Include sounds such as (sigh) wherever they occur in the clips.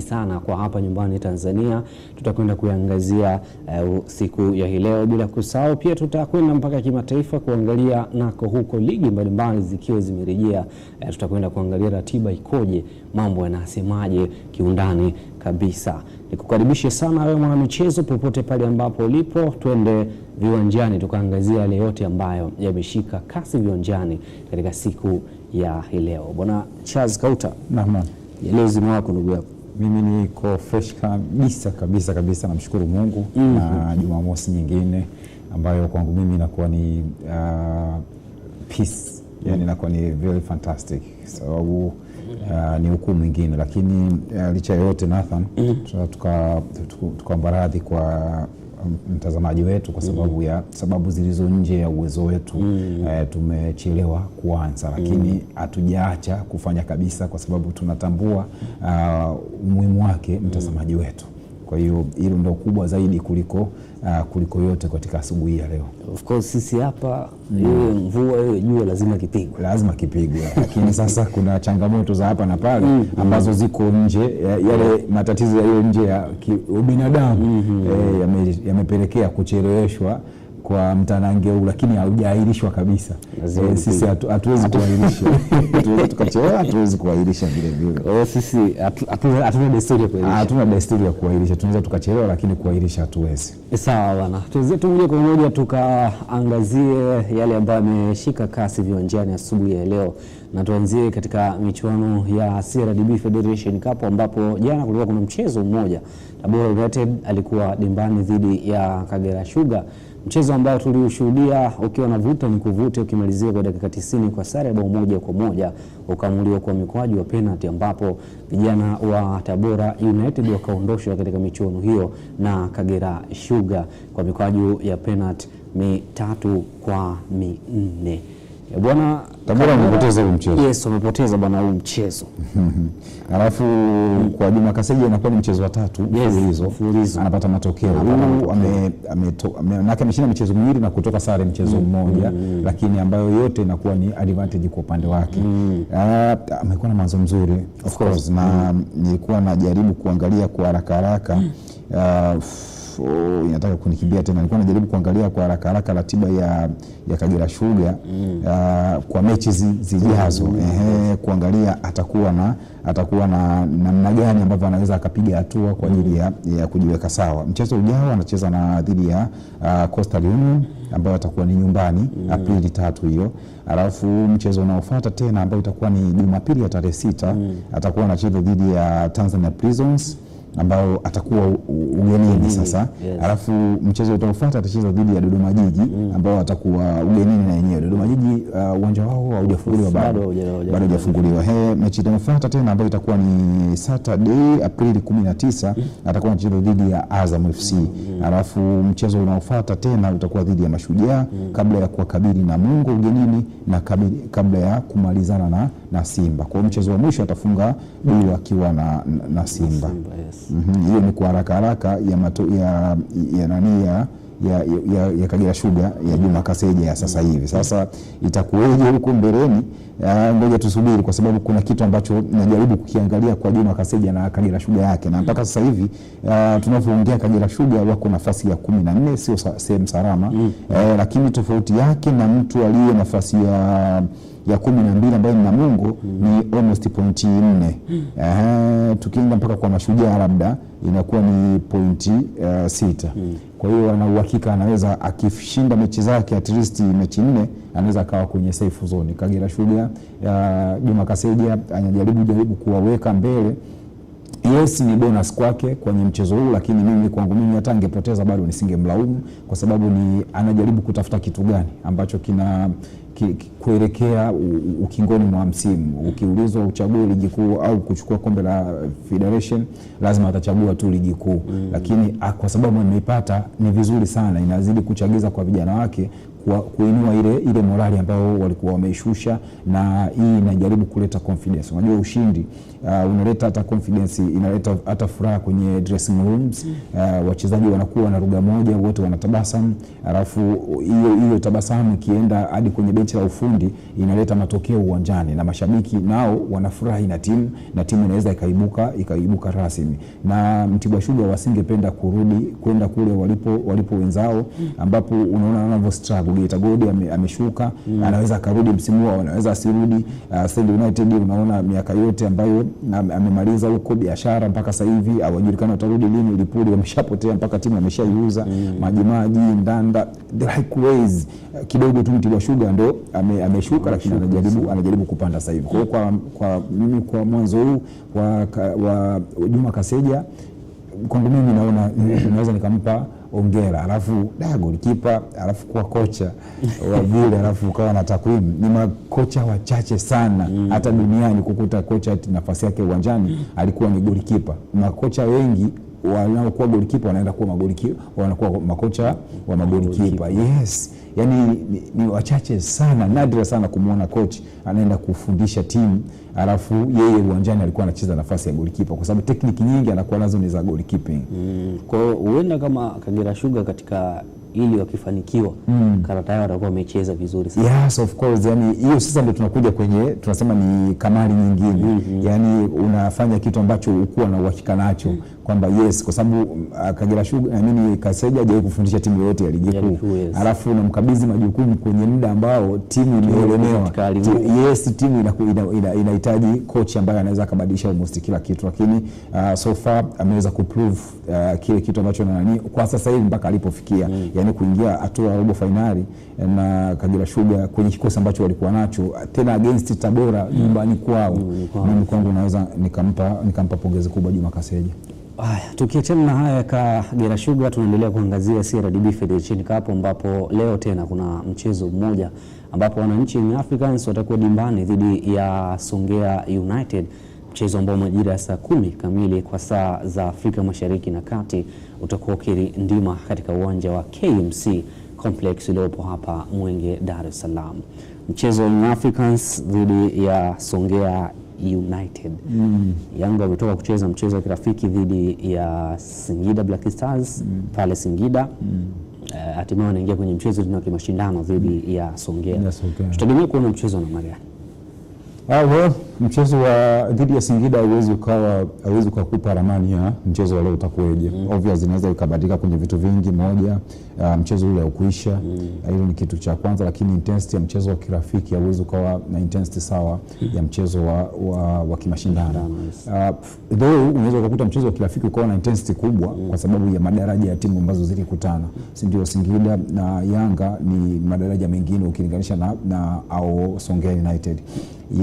sana kwa hapa nyumbani Tanzania. Tutakwenda kuiangazia uh, siku ya hii leo, bila kusahau pia tutakwenda mpaka kimataifa kuangalia nako huko ligi mbalimbali zikiwa zimerejea. Uh, tutakwenda kuangalia ratiba ikoje, mambo yanasemaje kiundani kabisa. Nikukaribishe sana wewe michezo, popote pale ambapo ulipo, twende viwanjani tukaangazia yale yote ambayo yameshika kasi viwanjani katika siku ya hii leo. Bwana Charles Kauta, naam, elezi zimewako ndugu yako mimi niko fresh kabisa kabisa kabisa, namshukuru Mungu mm -hmm. na Jumamosi nyingine ambayo kwangu mimi inakuwa ni uh, peace yani mhm. inakuwa ni very fantastic sababu uh, ni hukumu mwingine, lakini uh, licha yote Nathan, mm -hmm. tukaomba radhi kwa mtazamaji wetu kwa mm-hmm. sababu ya sababu zilizo nje ya uwezo wetu mm. Mm-hmm. E, eh, tumechelewa kuanza, lakini mm-hmm. hatujaacha mm. kufanya kabisa, kwa sababu tunatambua ah, umuhimu wake mtazamaji wetu. Kwa hiyo hilo ndio kubwa zaidi kuliko, uh, kuliko yote katika asubuhi ya leo. Of course sisi hapa mm. iwe mm. mvua iwe jua lazima kipigwe, lazima kipigwe (laughs) lakini sasa kuna changamoto za hapa na pale mm. mm. ambazo ziko nje yale mm. matatizo yaliyo nje ya ubinadamu mm -hmm. eh, yamepelekea kucheleweshwa kwa mtanange huu, lakini haujaahirishwa kabisa. E, sisi hatuwezi kuahirisha, (laughs) tukachelewa, hatuwezi kuahirisha vile vile. Eh, sisi hatuna desturi ya kuahirisha, hatuna desturi ya kuahirisha. Tunaweza tukachelewa, lakini kuahirisha hatuwezi. Eh, sawa bana, tuzetu moja kwa moja tukaangazie yale ambayo yameshika kasi viwanjani asubuhi ya leo, na tuanzie katika michuano ya CRDB Federation Cup ambapo jana kulikuwa kuna mchezo mmoja, Tabora United alikuwa dimbani dhidi ya Kagera Sugar mchezo ambao tuliushuhudia ukiwa na vuta ni kuvute ukimalizia kwa dakika 90 kwa sare bao moja kwa moja ukaamuliwa kwa mikwaju wa penalti, ambapo vijana wa Tabora United wakaondoshwa katika michuano hiyo na Kagera Sugar kwa mikwaju ya penalti mitatu kwa minne. Bwana Tabora amepoteza huu mchezo. Yes, wamepoteza bwana huu mchezo. (laughs) Alafu kwa Juma Kaseja inakuwa ni mchezo wa tatu mfululizo. Yes, anapata matokeo. Huu ame ameshinda michezo miwili na kutoka sare mchezo mm, mmoja mm, lakini ambayo yote inakuwa ni advantage kwa upande wake. Mm. Uh, amekuwa na mwanzo mzuri of course na mm, nilikuwa najaribu kuangalia kwa haraka haraka. Uh, alafu inataka kunikimbia tena. Nilikuwa najaribu kuangalia kwa haraka haraka ratiba ya, ya Kagera Sugar mm. uh, kwa mechi zijazo mm. ehe, kuangalia atakuwa na atakuwa na namna gani ambavyo anaweza akapiga hatua kwa ajili ya, ya kujiweka sawa. Mchezo ujao anacheza na dhidi ya uh, Coastal Union ambayo atakuwa ni nyumbani mm. Aprili tatu hiyo, alafu mchezo unaofuata tena ambao itakuwa ni Jumapili ya tarehe sita mm. atakuwa anacheza dhidi ya Tanzania Prisons ambao atakuwa ugenini sasa, alafu mchezo utaofuata atacheza dhidi ya Dodoma Jiji mm. ambao atakuwa ugenini na yenyewe. Dodoma Jiji uh, uwanja wao haujafunguliwa bado, bado haujafunguliwa. He, mechi itayofuata tena ambayo itakuwa ni Saturday Aprili 19 mm. atakuwa anacheza dhidi ya Azam FC, mm, alafu mchezo unaofuata tena utakuwa dhidi ya Mashujaa kabla ya kuwakabili Mungu ugenini na kabla ya kumalizana na Simba. Kwa hiyo mchezo wa mwisho atafunga duu akiwa na Simba mm hiyo ni kwa haraka haraka ya nani ya, ya, ya, ya, ya, ya Kagera Sugar ya Juma Kaseja ya sasa hivi. Sasa itakuweje huko mbeleni? Ngoja tusubiri, kwa sababu kuna kitu ambacho najaribu kukiangalia kwa Juma Kaseja na Kagera Sugar yake, na mpaka sasa hivi tunavyoongea, Kagera Sugar wako nafasi ya kumi na nne, sio sehemu salama, mm. eh, lakini tofauti yake na mtu aliye nafasi ya ya kumi na mbili ambayo na Mungu ni mm. almost pointi nne Uh, tukienda mpaka kwa mashujaa labda inakuwa ni pointi uh, eh, sita mm. kwa hiyo ana uhakika anaweza akishinda mechi zake at least mechi nne anaweza akawa kwenye safe zone. Kagera Sugar, eh, Juma Kaseja anajaribu jaribu kuwaweka mbele yes, ni bonus kwake kwenye mchezo huu, lakini mimi kwangu mimi hata angepoteza bado nisingemlaumu kwa sababu ni anajaribu kutafuta kitu gani ambacho kina ki, ki, kuelekea ukingoni mwa msimu. Ukiulizwa uchague ligi kuu au kuchukua kombe la Federation, lazima atachagua tu ligi kuu mm. Lakini a, ah, kwa sababu ameipata ni vizuri sana, inazidi kuchagiza kwa vijana wake kuinua ile, ile morali ambayo walikuwa wameishusha, na hii inajaribu kuleta confidence. Unajua ushindi uh, unaleta hata confidence, inaleta hata furaha kwenye dressing rooms uh, wachezaji wanakuwa na lugha moja, wote wanatabasamu, alafu hiyo hiyo tabasamu ikienda hadi kwenye benchi la ufundi inaleta matokeo uwanjani, na mashabiki nao wanafurahi na timu na timu inaweza ikaibuka ikaibuka rasmi, na Mtibwa Sugar wasingependa kurudi kwenda kule walipo walipo wenzao, ambapo unaona wanavyo struggle Geita Godi ameshuka, ame mm. anaweza akarudi msimu huu, anaweza asirudi. Uh, Stand United unaona miaka yote ambayo amemaliza huko biashara mpaka sasa hivi hawajulikani watarudi lini. Lipuli wameshapotea mpaka timu ameshaiuza mm. Majimaji Ndanda ways kidogo tu Mtibwa Sugar ndo ameshuka, lakini anajaribu anajaribu kupanda sasa hivi. Kwa hiyo kwa, kwa mimi kwa mwanzo huu wa Juma Kaseja kwangu mimi naona naweza nikampa ongera, alafu da golikipa, alafu kuwa kocha wa vile, alafu ukawa na takwimu. Ni makocha wachache sana mm. hata duniani kukuta kocha nafasi yake uwanjani alikuwa ni golikipa. Makocha wengi wanaokuwa golikipa wanaenda kuwa magolikipa, wanakuwa makocha wa magolikipa. Yes, yani ni, ni wachache sana, nadra sana kumwona kochi anaenda kufundisha timu alafu yeye uwanjani alikuwa anacheza nafasi ya golikipa kwa sababu tekniki nyingi anakuwa nazo ni za golikipping. Mm. Kwa hiyo huenda kama Kagera Sugar katika ili wakifanikiwa mm. yao watakuwa wamecheza vizuri sana. Yes, of course. Yani hiyo sasa ndio tunakuja kwenye tunasema ni kamari nyingine mm -hmm. Yani unafanya kitu ambacho hukuwa na uhakika nacho mm kwamba yes, kwa sababu uh, Kagera Sugar uh, naamini Kaseja hajawahi kufundisha timu yoyote ya ligi yaani kuu yes. Alafu unamkabidhi majukumu kwenye muda ambao timu imeelemewa. Yes, timu inahitaji ina, ina, ina kocha ambaye anaweza akabadilisha almost kila kitu, lakini uh, so far ameweza kuprove uh, kile kitu ambacho nani kwa sasa hivi mpaka alipofikia mm. Yani kuingia hatua ya robo fainali eh, na Kagera Sugar uh, kwenye kikosi ambacho walikuwa nacho tena against Tabora mm. nyumbani mm. kwao, mm. mimi kwangu naweza nikampa nikampa pongezi kubwa Juma Kaseja. Haya, tukiachana na haya ya Kagera Sugar, tunaendelea kuangazia CRDB Federation Cup ambapo leo tena kuna mchezo mmoja ambapo wananchi Young Africans watakuwa dimbani dhidi ya Songea United, mchezo ambao majira ya saa kumi kamili kwa saa za Afrika Mashariki na Kati utakuwa ukirindima katika uwanja wa KMC Complex uliopo hapa Mwenge, Dar es Salaam. Mchezo Young Africans dhidi ya Songea United. Mm. Yanga wametoka kucheza mchezo wa kirafiki dhidi ya Singida Black Stars mm. pale Singida mm. Uh, wanaingia kwenye mchezo wa kimashindano dhidi mm. ya Songea. Yes, okay. kuona mchezo wa namna gani? Eh mchezo wa dhidi ya Singida hauwezi ukawa hauwezi ukakupa ramani ya mchezo leo utakuwaje. mm. Obviously inaweza ikabadilika kwenye vitu vingi, moja uh, mchezo ule ukuisha mm. uh, hilo ni kitu cha kwanza, lakini intensity ya mchezo wa kirafiki hauwezi ukawa na intensity sawa mm. ya mchezo wa, wa, wa kimashindano mm. uh, though unaweza ukakuta mchezo wa kirafiki ukawa na intensity kubwa mm. kwa sababu ya madaraja ya timu ambazo zilikutana, mm. si ndio? Singida na Yanga ni madaraja mengine ukilinganisha na, na au Songea United.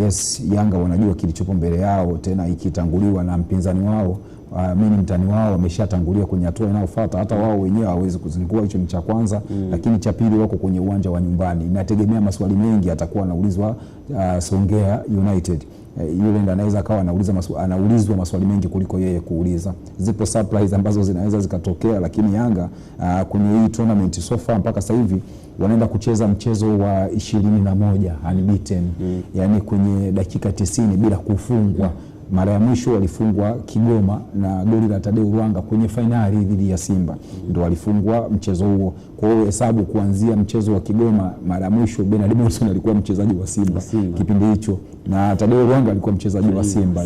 Yes, Yanga wanajua kilichopo mbele yao, tena ikitanguliwa na mpinzani wao Uh, ah, mimi mtani wao wameshatangulia kwenye hatua inayofuata. Hata wao wenyewe hawawezi kuzingua, hicho ni cha kwanza mm. Lakini cha pili, wako kwenye uwanja wa nyumbani, inategemea maswali mengi atakuwa anaulizwa uh, Songea United Eh, yule ndo anaweza akawa anauliza masu, anaulizwa maswali mengi kuliko yeye kuuliza. Zipo surprise ambazo zinaweza zikatokea, lakini Yanga uh, kwenye hii tournament so far mpaka sasa hivi wanaenda kucheza mchezo wa ishirini na moja unbeaten mm. Yani kwenye dakika tisini bila kufungwa mm mara ya mwisho walifungwa Kigoma na goli la Tadeu Rwanga kwenye fainali dhidi ya Simba, ndio walifungwa mchezo huo. Kwa hiyo hesabu kuanzia mchezo wa Kigoma, mara ya mwisho Bernard Morrison alikuwa mchezaji wa Simba, Simba. kipindi hicho na Tadeu Rwanga alikuwa mchezaji wa Simba,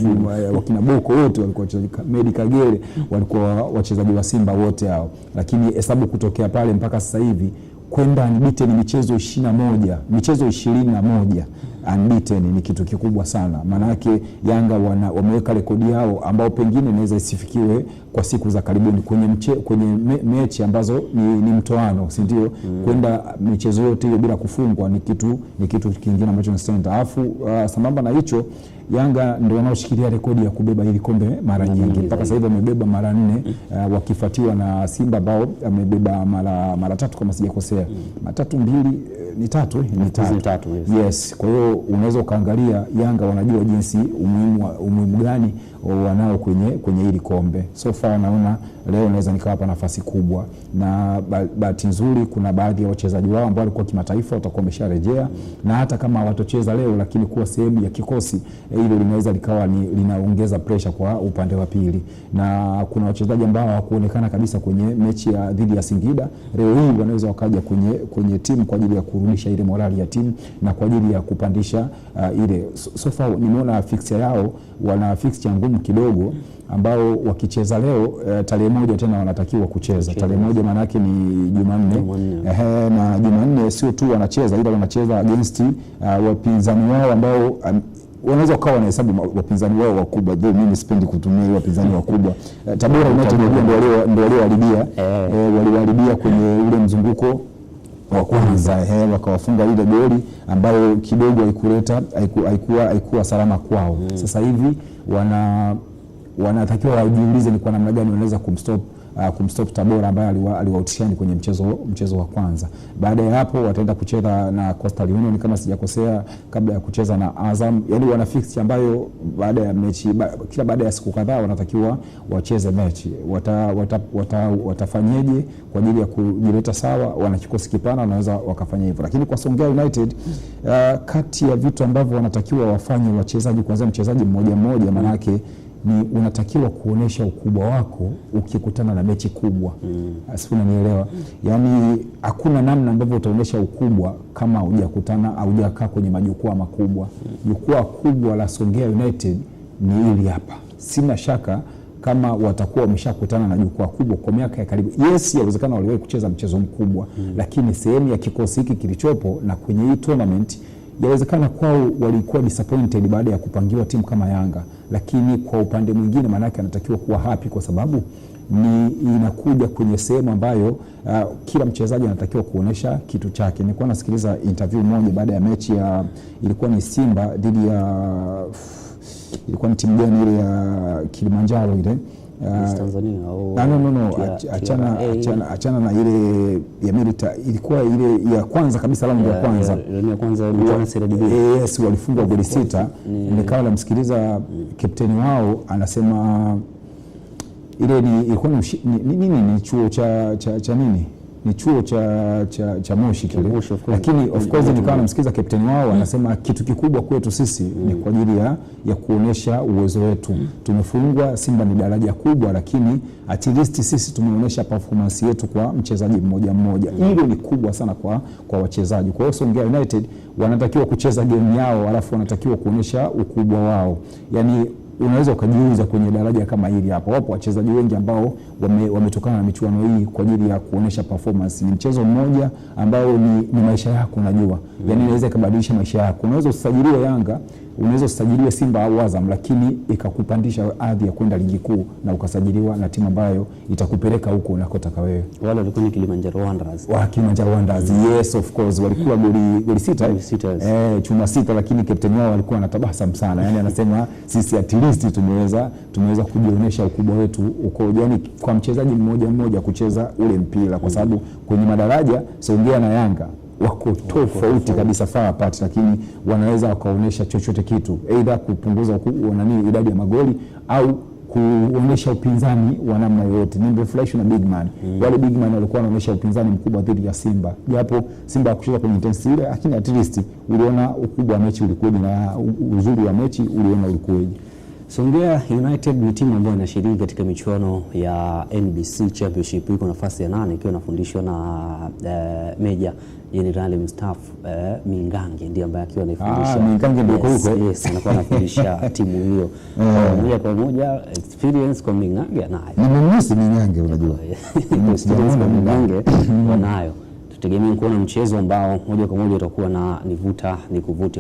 wakina Boko wote walikuwa wachezaji, Medi Kagere walikuwa wachezaji wa Simba wote hao, lakini hesabu kutokea pale mpaka sasa hivi kwenda ni michezo ishirini na moja michezo ishirini na moja unbeaten ni kitu kikubwa sana, maanake Yanga wana, wameweka rekodi yao ambao pengine inaweza isifikiwe kwa siku za karibuni kwenye, mche, kwenye me, mechi ambazo ni, ni mtoano si ndio? mm. kwenda michezo yote hiyo bila kufungwa ni kitu, ni kitu kingine ambacho ni Alafu uh, sambamba na hicho Yanga ndio wanaoshikilia rekodi ya kubeba hili kombe mara nyingi mpaka sasa hivi wamebeba mara nne, mm. uh, wakifuatiwa na Simba ambao amebeba mara mara tatu kama sijakosea, mm. matatu mbili eh, ni eh, tatu ni tatu, yes. Kwa hiyo unaweza ukaangalia Yanga wanajua jinsi umuhimu, gani wanao kwenye, kwenye hili kombe. So far naona leo naweza nikawapa nafasi kubwa, na bahati nzuri kuna baadhi ya wachezaji wao ambao walikuwa kimataifa watakuwa wamesharejea, na hata kama watocheza leo, lakini kuwa sehemu ya kikosi eh, hilo linaweza likawa ni linaongeza pressure kwa upande wa pili, na kuna wachezaji ambao hawakuonekana kabisa kwenye mechi ya dhidi ya Singida, leo hii wanaweza wakaja kwenye, kwenye timu kwa ajili ya kurudisha ile morali ya timu na kwa ajili ya kupandisha uh, ile so, so far nimeona fixture yao wana fixture ngumu mgumu kidogo ambao wakicheza leo uh, tarehe moja tena wanatakiwa kucheza tarehe moja, maana yake ni Jumanne ehe, na Jumanne sio tu wanacheza, ila wanacheza against uh, wapinzani wao ambao um, wanaweza wakawa wanahesabu wapinzani wao wakubwa. mimi sipendi kutumia wapinzani mm. wakubwa. Eh, Tabora United ndio walioharibia, eh. waliwaharibia kwenye ule mzunguko wa kwanza eh, wakawafunga ile goli ambayo kidogo haikuleta haikuwa haikuwa salama kwao. Mm. Sasa hivi wana wanatakiwa wajiulize ni kwa namna gani wanaweza kumstop uh, kumstop Tabora ambaye aliwautishani aliwa kwenye mchezo, mchezo wa kwanza. Baada ya hapo wataenda kucheza na Coastal Union kama sijakosea, kabla ya kucheza na Azam. Yani wana fixture ambayo baada ya mechi ba, kila baada ya siku kadhaa wanatakiwa wacheze mechi. Watafanyeje wata, wata, wata kwa ajili ya kujileta sawa? Wana kikosi kipana, wanaweza wakafanya hivyo, lakini kwa Songea United uh, kati ya vitu ambavyo wanatakiwa wafanye wachezaji, kuanzia mchezaji mmoja mmoja, maanake ni unatakiwa kuonesha ukubwa wako ukikutana na mechi kubwa mm. Sio, unanielewa? Yani hakuna namna ambavyo utaonesha ukubwa kama hujakutana, hujakaa kwenye majukwaa makubwa. Mm. Jukwaa kubwa la Songea United ni hili hapa. Sina shaka kama watakuwa wameshakutana na jukwaa kubwa kwa miaka ya karibu. Yes, yawezekana waliwahi kucheza mchezo mkubwa mm. Lakini sehemu ya kikosi hiki kilichopo na kwenye hii tournament yawezekana kwao walikuwa disappointed baada ya kupangiwa timu kama Yanga, lakini kwa upande mwingine maanake anatakiwa kuwa happy kwa sababu ni inakuja kwenye sehemu ambayo uh, kila mchezaji anatakiwa kuonesha kitu chake. Nilikuwa nasikiliza interview moja baada ya mechi ya ilikuwa ni Simba dhidi ya ilikuwa ni timu gani ile ya Kilimanjaro ile achana na ile ya Merita, ilikuwa ile ya kwanza kabisa raundi ya kwanza walifungwa goli sita. Nikawa namsikiliza kapteni wao anasema ile ilikuwa ni nini, ni chuo cha nini ni chuo cha, cha, cha Moshi kile, lakini of course nikawa namsikiza captain wao mm. anasema mm. kitu kikubwa kwetu sisi mm. ni kwa ajili ya, ya kuonesha uwezo wetu mm. tumefungwa. Simba ni daraja kubwa, lakini at least sisi tumeonyesha performance yetu kwa mchezaji mmoja mmoja mm. hilo ni kubwa sana kwa, kwa wachezaji. Kwa hiyo Songea United wanatakiwa kucheza game yao, alafu wanatakiwa kuonyesha ukubwa wao yani unaweza ukajiuza kwenye daraja kama hili hapa. Wapo wachezaji wengi ambao wame, wametokana na michuano hii kwa ajili ya kuonesha performance. Ni mchezo mmoja ambao ni, ni maisha yako unajua, yani mm. inaweza ikabadilisha maisha yako. Unaweza usajiliwe Yanga unaweza usajiliwe Simba au Azam, lakini ikakupandisha hadhi ya kwenda ligi kuu na ukasajiliwa na timu ambayo itakupeleka huko unakotaka wewe. Wale walikuwa Kilimanjaro Wanderers, wa Kilimanjaro Wanderers, yes of course, walikuwa goli goli sita, eh, eh chuma sita, lakini kapteni wao alikuwa anatabasamu sana, Yaani anasema sisi at least tumeweza tumeweza kujionyesha ukubwa wetu uko, yani kwa mchezaji mmoja mmoja kucheza ule mpira, kwa sababu kwenye madaraja Songea na Yanga wako tofauti kabisa far apart, lakini wanaweza wakaonyesha chochote kitu, aidha kupunguza nani idadi ya magoli au kuonyesha upinzani wa namna yoyote. Nimefurahishwa na big man mm. Wale big man walikuwa wanaonyesha upinzani mkubwa dhidi ya Simba, japo Simba hakucheza kwenye intensity ile, lakini at least uliona ukubwa wa mechi ulikuwaje na uzuri wa mechi uliona ulikuwaje. Songea United ni timu ambayo inashiriki katika michuano ya NBC Championship, iko nafasi ya nane ikiwa inafundishwa na uh, Meja jenerali mstaafu uh, eh, Mingange ndiye ambaye akiwa anafundisha ah, Mingange ndio huko yes, yes anakuwa anafundisha (laughs) timu hiyo eh. moja kwa moja. Experience kwa Mingange anayo, nimemisi Mingange, unajua (laughs) experience kwa Mingange wanayo. (laughs) Tutegemea kuona mchezo ambao moja kwa moja utakuwa na nivuta nikuvute.